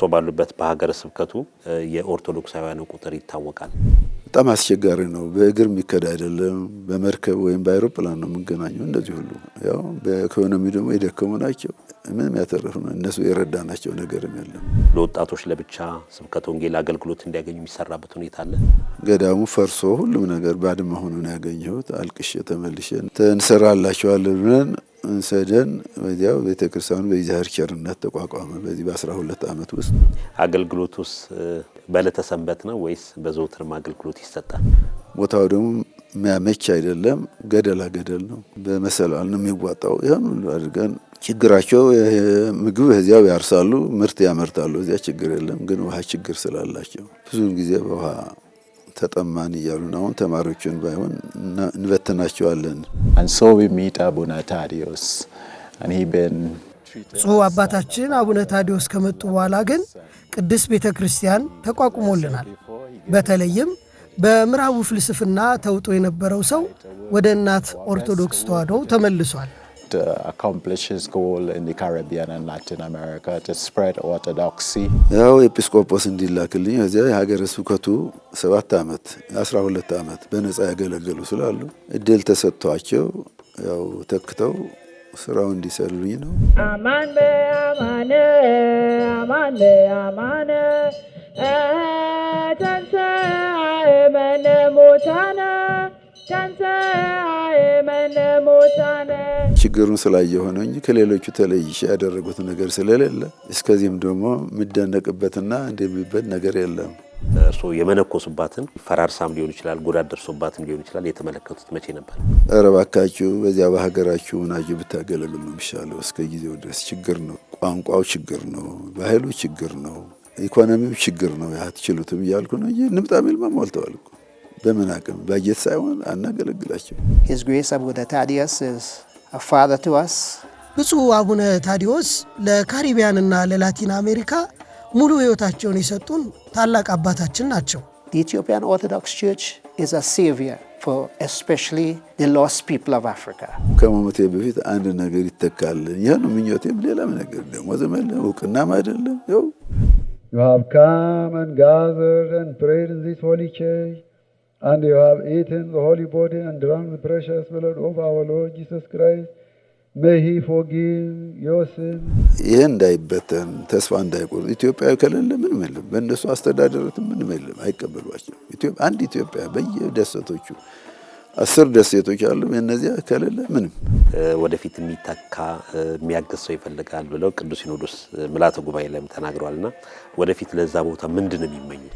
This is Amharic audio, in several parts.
እርሶ ባሉበት በሀገረ ስብከቱ የኦርቶዶክሳውያኑ ቁጥር ይታወቃል። በጣም አስቸጋሪ ነው። በእግር የሚከድ አይደለም። በመርከብ ወይም በአይሮፕላን ነው የምንገናኘው። እንደዚህ ሁሉ ያው በኢኮኖሚ ደግሞ የደከሙ ናቸው። ምንም ያተረፍ ነው እነሱ የረዳናቸው ነገርም የለም። ለወጣቶች ለብቻ ስብከተ ወንጌል አገልግሎት እንዲያገኙ የሚሰራበት ሁኔታ አለ። ገዳሙ ፈርሶ ሁሉም ነገር ባድማ ሆኖ ነው ያገኘሁት። አልቅሼ ተመልሼ እንሰራላቸዋለን ብለን እንሰደን በዚያው ቤተ ክርስቲያኑ በእግዚአብሔር ቸርነት ተቋቋመ። በዚህ በአስራ ሁለት ዓመት ውስጥ አገልግሎቱስ በለተሰንበት ነው ወይስ በዘውትርም አገልግሎት ይሰጣል? ቦታው ደግሞ የሚያመች አይደለም፣ ገደላ ገደል ነው። በመሰላል ነው የሚዋጣው። ያን ሁሉ አድርገን ችግራቸው ምግብ እዚያው ያርሳሉ፣ ምርት ያመርታሉ። እዚያ ችግር የለም፣ ግን ውሃ ችግር ስላላቸው ብዙውን ጊዜ በውሃ ተጠማን እያሉን አሁን ተማሪዎችን ባይሆን እንበትናቸዋለን። ብፁዕ አባታችን አቡነ ታዲዎስ ከመጡ በኋላ ግን ቅድስት ቤተ ክርስቲያን ተቋቁሞልናል። በተለይም በምዕራቡ ፍልስፍና ተውጦ የነበረው ሰው ወደ እናት ኦርቶዶክስ ተዋሕዶ ተመልሷል። could accomplish his goal in the Caribbean and Latin America to spread orthodoxy። ያው ኤጲስቆጶስ እንዲላክልኝ እዚያ የሀገረ ስብከቱ ሰባት ዓመት አስራ ሁለት ዓመት በነጻ ያገለገሉ ስላሉ እድል ተሰጥቷቸው ያው ተክተው ስራው እንዲሰሉኝ ነው። አማን በአማነ አማን በአማነ ተንሰ መነ ሞታነ ችግሩን ስላየሁ ነው እንጂ ከሌሎቹ ተለይሽ ያደረጉት ነገር ስለሌለ እስከዚህም ደግሞ የሚደነቅበትና እንደሚበት ነገር የለም። እርሶ የመነኮሱባትን ፈራርሳም ሊሆን ይችላል፣ ጉዳት ደርሶባትም ሊሆን ይችላል። የተመለከቱት መቼ ነበር? ኧረ እባካችሁ በዚያ በሀገራችሁ ሆናችሁ ብታገለግሉ ነው የሚሻለው። እስከ ጊዜው ድረስ ችግር ነው። ቋንቋው ችግር ነው። ባህሉ ችግር ነው። ኢኮኖሚው ችግር ነው። ያትችሉትም እያልኩ ነው እ ንምጣሚል መሞልተዋል እኮ በምን አቅም ባጀት ሳይሆን አናገለግላቸው። ብፁዕ አቡነ ታዲዎስ ለካሪቢያንና ለላቲን አሜሪካ ሙሉ ሕይወታቸውን የሰጡን ታላቅ አባታችን ናቸው። ኢትዮጵያን ኦርቶዶክስ ቸርች ኢዝ አ ሴቪየር ከመሞቴ በፊት አንድ ነገር ይተካል። ይህ ነው ምኞቴም። ሌላም ነገር ደግሞ ዘመለ እውቅናም አይደለም ው ሀብካም ንጋዘር ፕሬድ ዚስ ሆሊ ቸርች and you have eaten the holy body and drunk the precious blood of our Lord Jesus Christ, may he forgive your sins. ይህ እንዳይበተን ተስፋ እንዳይቆርጥ ኢትዮጵያዊ ከሌለ ምንም የለም። በእነሱ አስተዳደረት ምንም የለም፣ አይቀበሏቸው። አንድ ኢትዮጵያ በየደሴቶቹ አስር ደሴቶች አሉ። እነዚያ ከሌለ ምንም ወደፊት የሚተካ የሚያግዝ ሰው ይፈልጋል ብለው ቅዱስ ሲኖዶስ ምልዓተ ጉባኤ ላይም ተናግረዋልና ወደፊት ለዛ ቦታ ምንድን ነው የሚመኙት?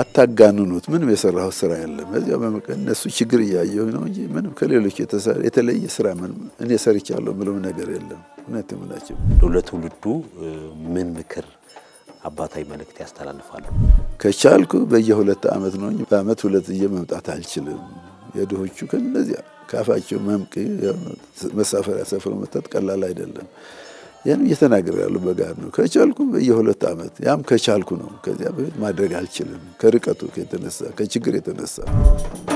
አታጋንኑት። ምንም የሰራው ስራ የለም። እዚያው በመቀን እነሱ ችግር እያየሁ ነው እንጂ ምንም ከሌሎች የተለየ ስራ ምን እኔ ሰርቻለሁ ምለም ነገር የለም። እውነት ምላቸው ለትውልዱ ምን ምክር አባታዊ መልእክት ያስተላልፋሉ? ከቻልኩ በየሁለት ዓመት ነው እንጂ በዓመት ሁለት እየ መምጣት አልችልም። የድሆቹ ከነዚያ ካፋቸው መምቅ መሳፈሪያ ሰፍሮ መታት ቀላል አይደለም። ይህን እየተናገር ያሉ በጋር ነው። ከቻልኩ በየሁለት ዓመት ያም ከቻልኩ ነው። ከዚያ በፊት ማድረግ አልችልም፣ ከርቀቱ የተነሳ ከችግር የተነሳ ነው።